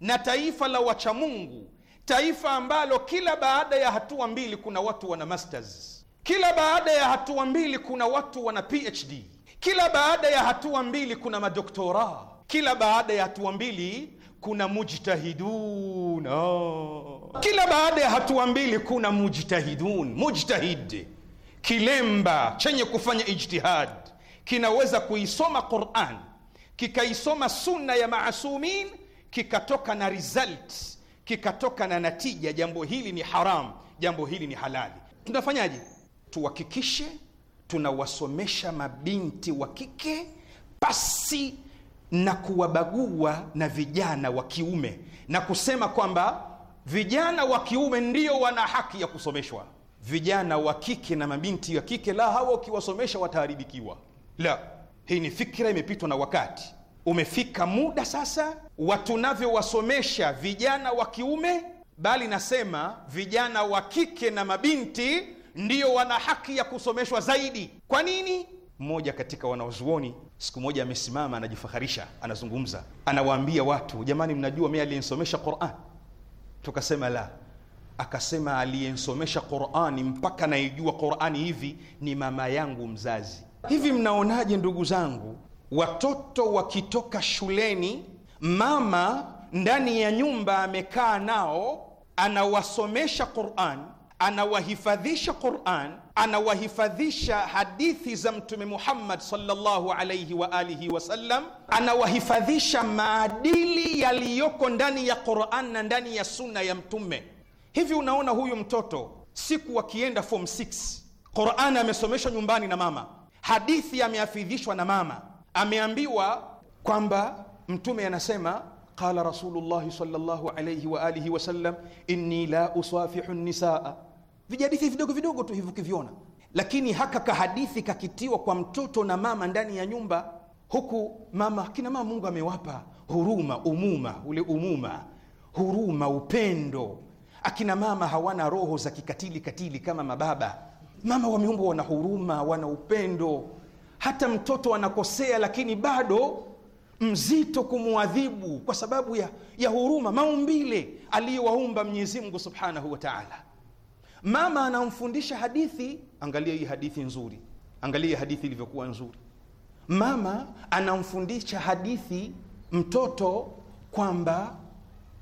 C: na taifa la wachamungu, taifa ambalo kila baada ya hatua mbili kuna watu wana masters, kila baada ya hatua mbili kuna watu wana PhD, kila baada ya hatua mbili kuna madoktora, kila baada ya hatua mbili kuna mujtahidun oh. Kila baada ya hatua mbili kuna mujtahidun. Mujtahid kilemba chenye kufanya ijtihad kinaweza kuisoma Quran kikaisoma sunna ya maasumin kikatoka na result, kikatoka na natija, jambo hili ni haramu, jambo hili ni halali. Tunafanyaje? Tuhakikishe tunawasomesha mabinti wa kike pasi na kuwabagua na vijana wa kiume na kusema kwamba vijana wa kiume ndio wana haki ya kusomeshwa. Vijana wa kike na mabinti wa kike la, hawa ukiwasomesha wataharibikiwa. La, hii ni fikira imepitwa na wakati umefika muda sasa wa tunavyowasomesha vijana wa kiume, bali nasema vijana wa kike na mabinti ndiyo wana haki ya kusomeshwa zaidi. Kwa nini? Mmoja katika wanaozuoni siku moja amesimama, anajifaharisha, anazungumza, anawaambia watu, jamani, mnajua mi aliyensomesha Quran? Tukasema la. Akasema aliyensomesha Qurani mpaka naijua Qurani hivi ni mama yangu mzazi. Hivi mnaonaje, ndugu zangu? watoto wakitoka shuleni, mama ndani ya nyumba amekaa nao, anawasomesha Qur'an, anawahifadhisha Qur'an, anawahifadhisha hadithi za Mtume Muhammad sallallahu alayhi wa alihi wasallam, anawahifadhisha maadili yaliyoko ndani ya Qur'an na ndani ya sunna ya Mtume. Hivi unaona, huyu mtoto siku akienda form 6 Qur'an amesomeshwa nyumbani na mama, hadithi amehafidhishwa na mama ameambiwa kwamba mtume anasema qala rasulullahi sallallahu alayhi wa alihi sallam inni la usafihu nisaa, vijadithi vidogo vidogo tu hivi kiviona lakini haka kahadithi kakitiwa kwa mtoto na mama ndani ya nyumba, huku mama kina mama Mungu amewapa huruma, umuma ule umuma, huruma, upendo. Akina mama hawana roho za kikatili katili kama mababa. Mama wameumbwa wana huruma, wana upendo hata mtoto anakosea, lakini bado mzito kumwadhibu kwa sababu ya, ya huruma maumbile aliyowaumba Mwenyezi Mungu subhanahu wa taala. Mama anamfundisha hadithi. Angalia hii hadithi nzuri, angalia hadithi ilivyokuwa nzuri. Mama anamfundisha hadithi mtoto kwamba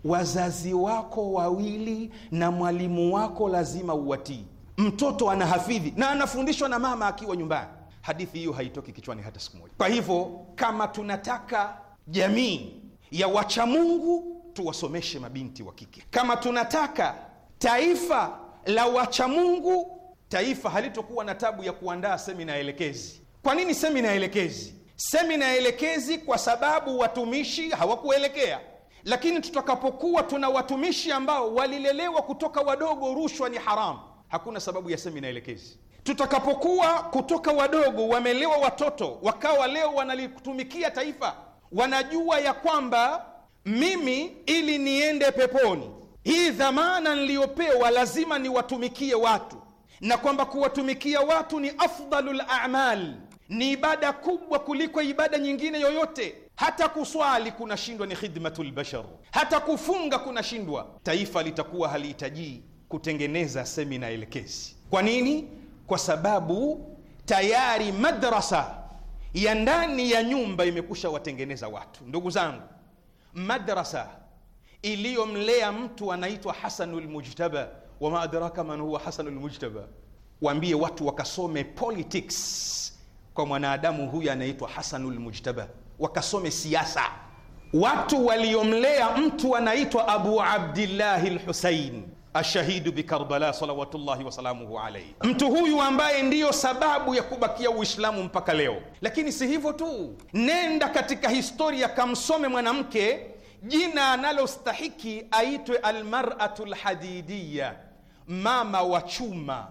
C: wazazi wako wawili na mwalimu wako lazima uwatii. Mtoto anahafidhi na anafundishwa na mama akiwa nyumbani hadithi hiyo haitoki kichwani hata siku moja. Kwa hivyo kama tunataka jamii ya wachamungu, tuwasomeshe mabinti wa kike. Kama tunataka taifa la wachamungu, taifa halitokuwa na tabu ya kuandaa semina elekezi. Kwa nini semina elekezi? Semina elekezi kwa sababu watumishi hawakuelekea lakini tutakapokuwa tuna watumishi ambao walilelewa kutoka wadogo, rushwa ni haramu, hakuna sababu ya semina elekezi tutakapokuwa kutoka wadogo wamelewa watoto wakawa leo wanalitumikia taifa, wanajua ya kwamba mimi ili niende peponi, hii dhamana niliyopewa lazima niwatumikie watu, na kwamba kuwatumikia watu ni afdalu lamal ni ibada kubwa kuliko ibada nyingine yoyote. Hata kuswali kunashindwa, ni khidmatu lbashar Hata kufunga kunashindwa. Taifa litakuwa halihitajii kutengeneza semina elekezi. Kwa nini? kwa sababu tayari madrasa ya ndani ya nyumba imekusha watengeneza watu. Ndugu zangu, madrasa iliyomlea mtu anaitwa Hasanul Mujtaba. Wama adraka man huwa Hasanul Mujtaba. Waambie watu wakasome politics kwa mwanadamu huyu anaitwa Hasanul Mujtaba, wakasome siasa. Watu waliomlea mtu anaitwa Abu Abdillahi Lhusain ashahidu bikarbala salawatullahi wasalamuhu alaihi, mtu huyu ambaye ndiyo sababu ya kubakia Uislamu mpaka leo. Lakini si hivyo tu, nenda katika historia kamsome mwanamke jina analostahiki aitwe almaratu lhadidiya, mama wa chuma,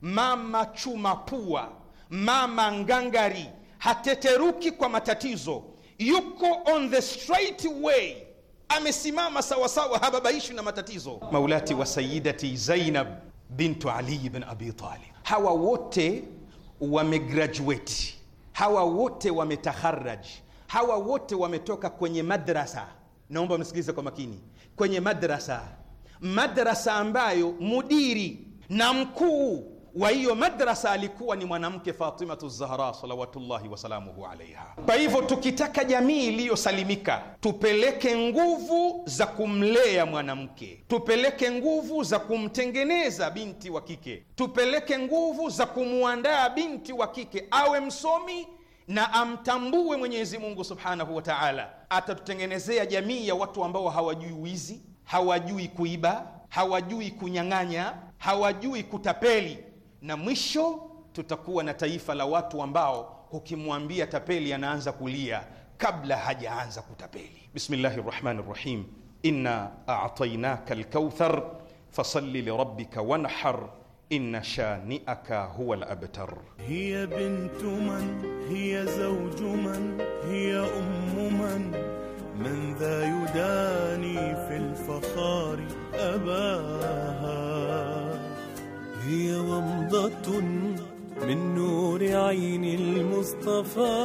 C: mama chuma pua, mama ngangari, hateteruki kwa matatizo, yuko on the straight way amesimama sawasawa, hababaishi na matatizo. Maulati wa sayidati Zainab bintu Ali bn Abi Talib, hawa wote wamegraduate, hawa wote wametaharaj hawa wote wametoka kwenye madrasa. Naomba msikilize kwa makini, kwenye madrasa, madrasa ambayo mudiri na mkuu wa hiyo madrasa alikuwa ni mwanamke Fatimatu Zahra salawatullahi wasalamuhu alaiha. Kwa hivyo tukitaka jamii iliyosalimika, tupeleke nguvu za kumlea mwanamke, tupeleke nguvu za kumtengeneza binti wa kike, tupeleke nguvu za kumwandaa binti wa kike awe msomi na amtambue Mwenyezi Mungu subhanahu wa taala. Atatutengenezea jamii ya watu ambao hawajui wizi, hawajui kuiba, hawajui kunyang'anya, hawajui kutapeli na mwisho tutakuwa na taifa la watu ambao ukimwambia tapeli anaanza kulia kabla hajaanza kutapeli bismillahi rahmani rahim inna atainaka lkauthar fasalli lirabbika wanhar inna shaniaka huwa الأبتر
D: hiya bintu man hiya zawju man hiya ummu man man dha yudani في الفخار abaa
E: هي ومضة من نور عين المصطفى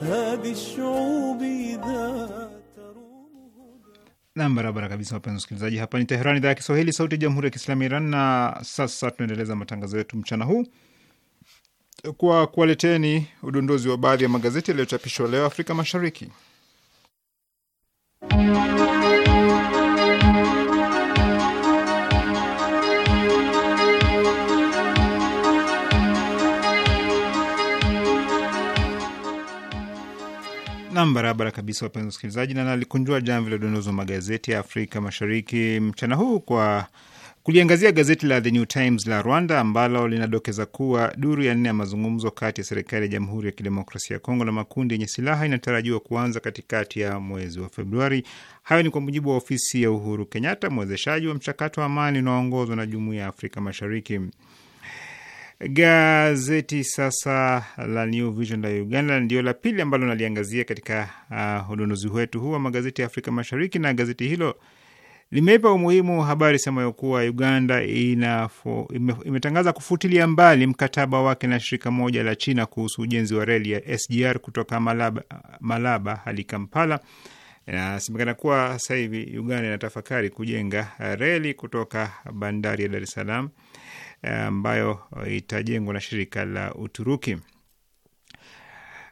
E: هذه الشعوب ذات
A: Nam, barabara kabisa, wapenzi wasikilizaji, hapa ni Teherani, idhaa ya Kiswahili, sauti ya jamhuri ya kiislamu ya Iran. Na sasa tunaendeleza matangazo yetu mchana huu kwa kuwaleteni udondozi wa baadhi ya magazeti yaliyochapishwa leo Afrika Mashariki. barabara kabisa, wapenzi wasikilizaji, na nalikunjua jamvi la udondozi wa magazeti ya Afrika Mashariki mchana huu kwa kuliangazia gazeti la The New Times la Rwanda ambalo linadokeza kuwa duru ya nne ya mazungumzo kati ya serikali ya Jamhuri ya Kidemokrasia ya Kongo na makundi yenye silaha inatarajiwa kuanza katikati ya mwezi wa Februari. Hayo ni kwa mujibu wa ofisi ya Uhuru Kenyatta, mwezeshaji wa mchakato wa amani unaoongozwa na Jumuiya ya Afrika Mashariki. Gazeti sasa la New Vision la Uganda ndio la pili ambalo naliangazia katika uh, ununuzi wetu huu wa magazeti ya Afrika Mashariki, na gazeti hilo limeipa umuhimu habari semayo kuwa Uganda inafo, ime, imetangaza kufutilia mbali mkataba wake na shirika moja la China kuhusu ujenzi wa reli ya SGR kutoka Malaba, Malaba hadi Kampala. Inasemekana kuwa sasa hivi Uganda inatafakari kujenga reli kutoka bandari ya Dar es Salaam Eh, ambayo eh, itajengwa na shirika la Uturuki.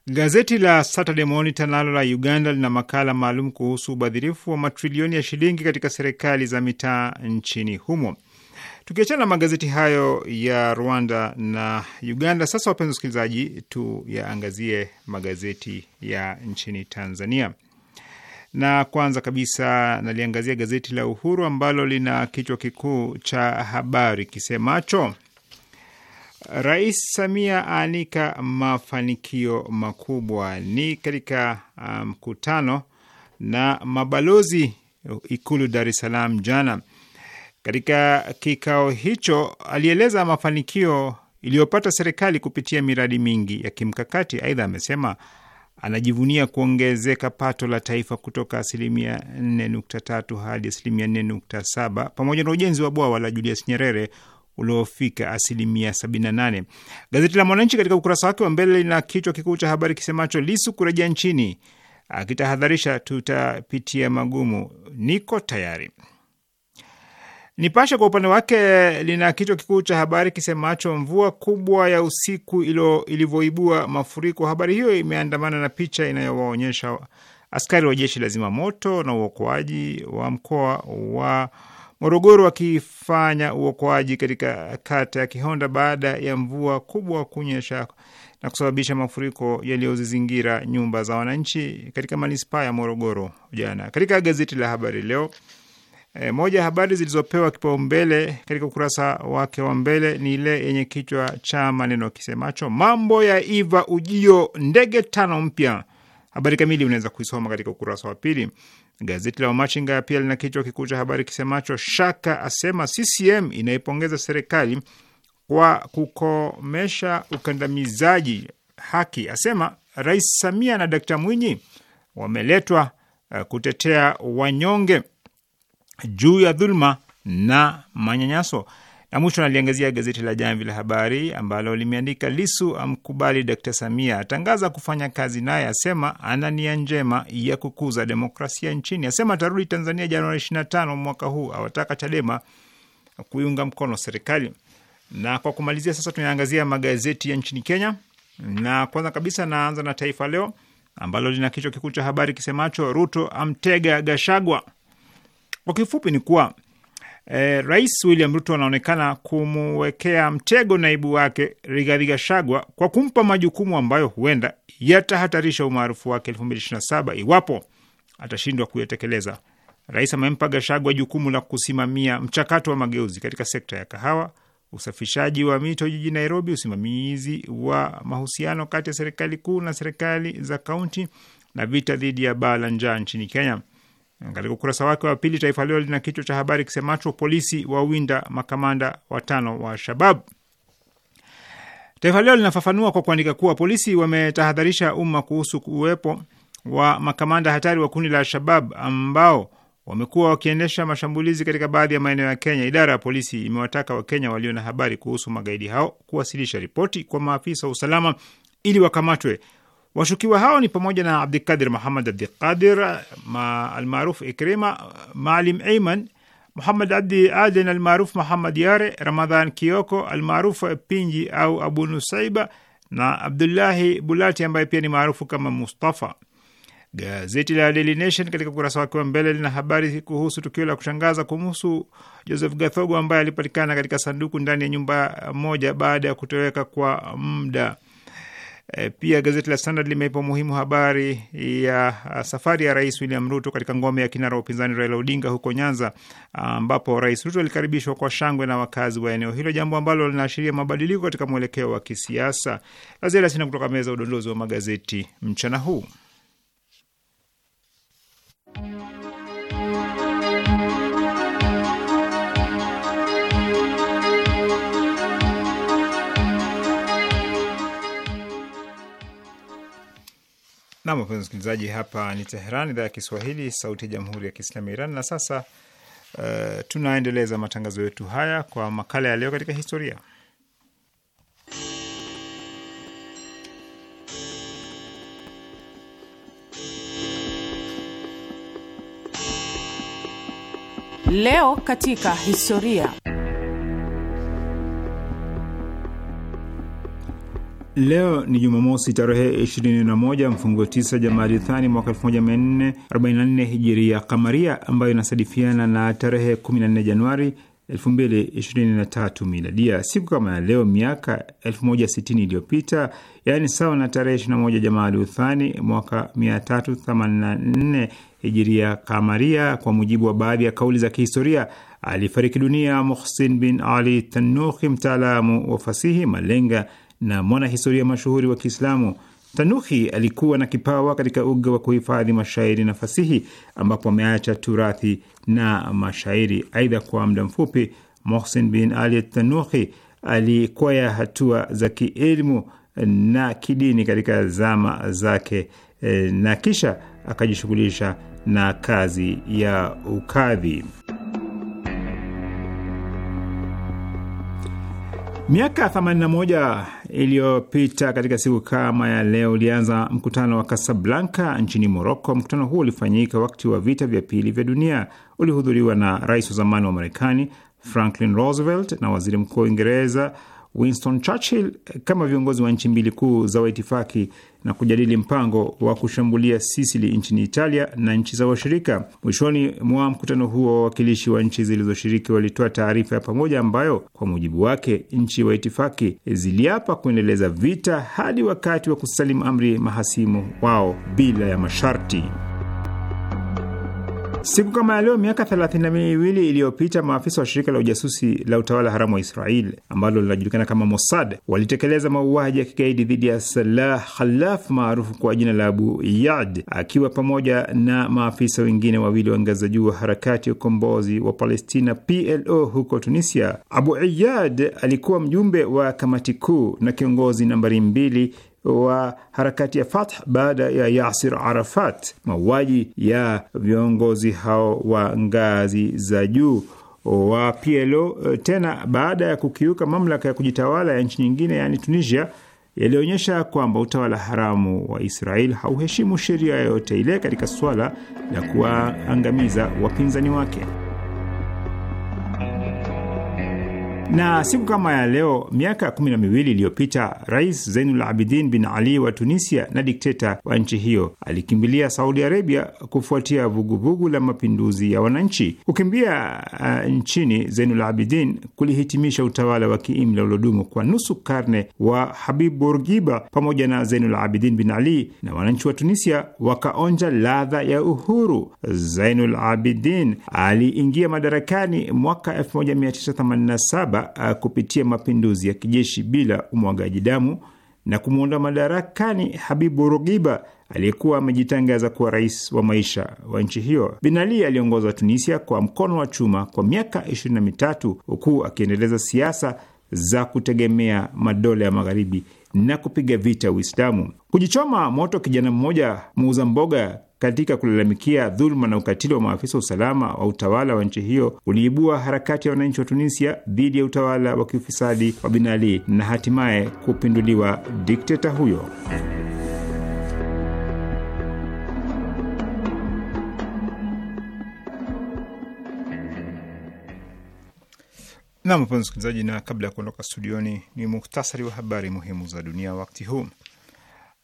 A: Gazeti la Saturday Monitor nalo la Uganda lina makala maalum kuhusu ubadhirifu wa matrilioni ya shilingi katika serikali za mitaa nchini humo. Tukiachana na magazeti hayo ya Rwanda na Uganda, sasa wapenzi wasikilizaji, tuyaangazie magazeti ya nchini Tanzania na kwanza kabisa naliangazia gazeti la Uhuru ambalo lina kichwa kikuu cha habari kisemacho Rais Samia aanika mafanikio makubwa. Ni katika um, mkutano um, na mabalozi Ikulu Dar es Salaam jana. Katika kikao hicho, alieleza mafanikio iliyopata serikali kupitia miradi mingi ya kimkakati. Aidha amesema anajivunia kuongezeka pato la taifa kutoka asilimia 4.3 hadi asilimia 4.7 pamoja na ujenzi wa bwawa la Julius Nyerere uliofika asilimia 78. Gazeti la Mwananchi katika ukurasa wake wa mbele lina kichwa kikuu cha habari kisemacho Lisu kurejea nchini, akitahadharisha tutapitia magumu, niko tayari. Nipashe kwa upande wake lina kichwa kikuu cha habari kisemacho mvua kubwa ya usiku ilivyoibua mafuriko. Habari hiyo imeandamana na picha inayowaonyesha askari wa jeshi la zimamoto na uokoaji wa mkoa wa Morogoro wakifanya uokoaji katika kata ya Kihonda baada ya mvua kubwa kunyesha na kusababisha mafuriko yaliyozizingira nyumba za wananchi katika manispaa ya Morogoro jana. Katika gazeti la Habari Leo E, moja ya habari zilizopewa kipaumbele katika ukurasa wake wa mbele ni ile yenye kichwa cha maneno kisemacho mambo ya iva ujio ndege tano mpya. Habari kamili unaweza kuisoma katika ukurasa wa pili. Gazeti la Wamachinga pia lina kichwa kikuu cha habari kisemacho Shaka asema CCM inaipongeza serikali kwa kukomesha ukandamizaji haki, asema Rais Samia na Dkt Mwinyi wameletwa eh, kutetea wanyonge juu ya dhulma na manyanyaso. Na mwisho naliangazia gazeti la Jamvi la Habari ambalo limeandika Lisu amkubali Dkt Samia, atangaza kufanya kazi naye, asema ana nia njema ya kukuza demokrasia nchini, asema atarudi Tanzania Januari 25 mwaka huu, awataka Chadema kuiunga mkono serikali. Na kwa kumalizia, sasa tunaangazia magazeti ya nchini Kenya, na kwanza kabisa naanza na Taifa Leo ambalo lina kichwa kikuu cha habari kisemacho Ruto amtega Gashagwa. Kwa kifupi ni kuwa e, Rais William Ruto anaonekana kumuwekea mtego naibu wake Rigathi Gachagua kwa kumpa majukumu ambayo huenda yatahatarisha umaarufu wake 2027 iwapo atashindwa kuyatekeleza. Rais amempa Gachagua jukumu la kusimamia mchakato wa mageuzi katika sekta ya kahawa, usafishaji wa mito jijini Nairobi, usimamizi wa mahusiano kati ya serikali kuu na serikali za kaunti na vita dhidi ya baa la njaa nchini Kenya. Katika ukurasa wake wa pili, Taifa Leo lina kichwa cha habari kisemacho polisi wawinda makamanda watano wa Shabab. Taifa Leo linafafanua kwa kuandika kuwa polisi wametahadharisha umma kuhusu uwepo wa makamanda hatari wa kundi la Al-Shabab ambao wamekuwa wakiendesha mashambulizi katika baadhi ya maeneo ya Kenya. Idara ya polisi imewataka Wakenya walio na habari kuhusu magaidi hao kuwasilisha ripoti kwa maafisa wa usalama ili wakamatwe. Washukiwa hao ni pamoja na Abdikadir Muhammad Abdikadir ma almaruf Ikrima, Maalim Aiman, Muhammad Abdi Aden almaruf Muhammad Yare, Ramadhan Kioko almaruf Pinji au Abu Nusaiba na Abdullahi Bulati ambaye pia ni maarufu kama Mustafa. Gazeti la Daily Nation katika ukurasa wake wa mbele lina habari kuhusu tukio la kushangaza kumhusu Joseph Gathogo ambaye alipatikana katika sanduku ndani ya nyumba moja baada ya kutoweka kwa muda. E, pia gazeti la Standard limeipa umuhimu habari ya uh, safari ya Rais William Ruto katika ngome ya kinara wa upinzani Raila Odinga huko Nyanza, uh, ambapo Rais Ruto alikaribishwa kwa shangwe na wakazi wa eneo hilo, jambo ambalo linaashiria mabadiliko katika mwelekeo wa kisiasa. La ziada sina kutoka meza udondozi wa magazeti mchana huu. Nam, wapenzi msikilizaji, hapa ni Teheran, idhaa ya Kiswahili, sauti ya jamhuri ya kiislamu ya Iran. Na sasa uh, tunaendeleza matangazo yetu haya kwa makala ya leo katika historia.
E: Leo katika historia
A: Leo ni Jumamosi tarehe 21 mfungo 9 Jamadi Thani mwaka 1444 hijiria kamaria, ambayo inasadifiana na tarehe 14 Januari 2023 miladia. Siku kama ya leo miaka 1060 iliyopita, yaani sawa na tarehe 21 Jamadi Uthani mwaka 384 hijiria kamaria, kwa mujibu wa baadhi ya kauli za kihistoria alifariki dunia Muhsin bin Ali Tanuhi, mtaalamu wa fasihi malenga na mwanahistoria mashuhuri wa Kiislamu. Tanuhi alikuwa na kipawa katika uga wa kuhifadhi mashairi na fasihi, ambapo ameacha turathi na mashairi. Aidha, kwa muda mfupi Mohsin bin Ali Tanuhi alikwea hatua za kielimu na kidini katika zama zake e, na kisha akajishughulisha na kazi ya ukadhi. Miaka 81 iliyopita katika siku kama ya leo ulianza mkutano wa Kasablanka nchini Moroko. Mkutano huo ulifanyika wakati wa vita vya pili vya dunia, ulihudhuriwa na rais wa zamani wa Marekani Franklin Roosevelt na waziri mkuu wa Uingereza Winston Churchill kama viongozi wa nchi mbili kuu za waitifaki na kujadili mpango wa kushambulia Sisili nchini Italia na nchi za washirika. Mwishoni mwa mkutano huo, wawakilishi wa nchi zilizoshiriki walitoa taarifa ya pamoja ambayo kwa mujibu wake nchi wa itifaki ziliapa kuendeleza vita hadi wakati wa kusalimu amri mahasimu wao bila ya masharti. Siku kama ya leo miaka thelathini na miwili iliyopita maafisa wa shirika la ujasusi la utawala haramu wa Israel ambalo linajulikana kama Mossad walitekeleza mauaji ya kigaidi dhidi ya Salah Khalaf maarufu kwa jina la Abu Iyad akiwa pamoja na maafisa wengine wawili wa ngazi za juu wa harakati ya ukombozi wa Palestina PLO huko Tunisia. Abu Iyad alikuwa mjumbe wa kamati kuu na kiongozi nambari mbili wa harakati ya Fath baada ya Yasir Arafat. Mauaji ya viongozi hao wa ngazi za juu wa PLO eh, tena baada ya kukiuka mamlaka ya kujitawala ya nchi nyingine, yaani Tunisia, yalionyesha kwamba utawala haramu wa Israel hauheshimu sheria yoyote ile katika suala la kuwaangamiza wapinzani wake. Na siku kama ya leo miaka kumi na miwili iliyopita Rais Zainul Abidin bin Ali wa Tunisia na dikteta wa nchi hiyo alikimbilia Saudi Arabia kufuatia vuguvugu vugu la mapinduzi ya wananchi. Kukimbia uh, nchini Zainul Abidin kulihitimisha utawala wa kiimla uliodumu kwa nusu karne wa Habib Bourguiba pamoja na Zainul Abidin bin Ali, na wananchi wa Tunisia wakaonja ladha ya uhuru. Zainul Abidin aliingia madarakani mwaka 1987 baba ah, kupitia mapinduzi ya kijeshi bila umwagaji damu na kumwondoa madarakani Habibu Rugiba aliyekuwa amejitangaza kuwa rais wa maisha wa nchi hiyo. Bin Ali aliongoza Tunisia kwa mkono wa chuma kwa miaka ishirini na mitatu huku akiendeleza siasa za kutegemea madola ya magharibi na kupiga vita Uislamu. Kujichoma moto kijana mmoja muuza mboga katika kulalamikia dhuluma na ukatili wa maafisa wa usalama wa utawala wa nchi hiyo uliibua harakati ya wananchi wa Tunisia dhidi ya utawala wa kiufisadi wa Bin Ali na hatimaye kupinduliwa dikteta huyo. Nam, mpenzi msikilizaji, na kabla ya kuondoka studioni, ni muhtasari wa habari muhimu za dunia wakati huu.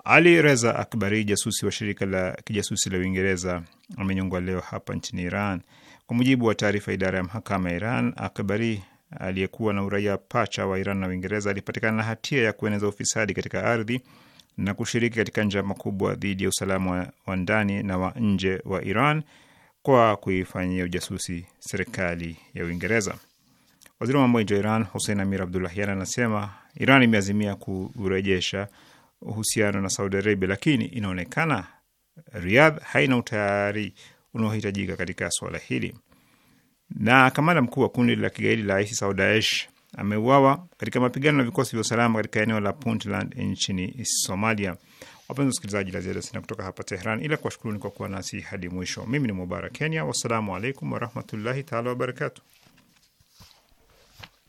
A: Ali Reza Akbari, jasusi wa shirika la kijasusi la Uingereza, amenyongwa leo hapa nchini Iran. Kwa mujibu wa taarifa idara ya mahakama ya Iran, Akbari aliyekuwa na uraia pacha wa Iran na Uingereza alipatikana na hatia ya kueneza ufisadi katika ardhi na kushiriki katika njama kubwa dhidi ya usalama wa ndani na wa nje wa Iran kwa kuifanyia ujasusi serikali ya Uingereza. Waziri wa mambo ya nje wa Iran Hussein Amir Abdullahian anasema Iran imeazimia kurejesha uhusiano na Saudi Arabia, lakini inaonekana Riyadh haina utayari unaohitajika katika swala hili. Na kamanda mkuu wa kundi la kigaidi la ISIS au Daesh ameuawa katika mapigano na vikosi vya usalama katika eneo la Puntland nchini Somalia. Wapenzi wasikilizaji, la ziada sina kutoka hapa Tehran ila kuwashukuruni kwa kuwa nasi hadi mwisho. Mimi ni Mubarak Kenya, wassalamu alaikum warahmatullahi taala wabarakatu.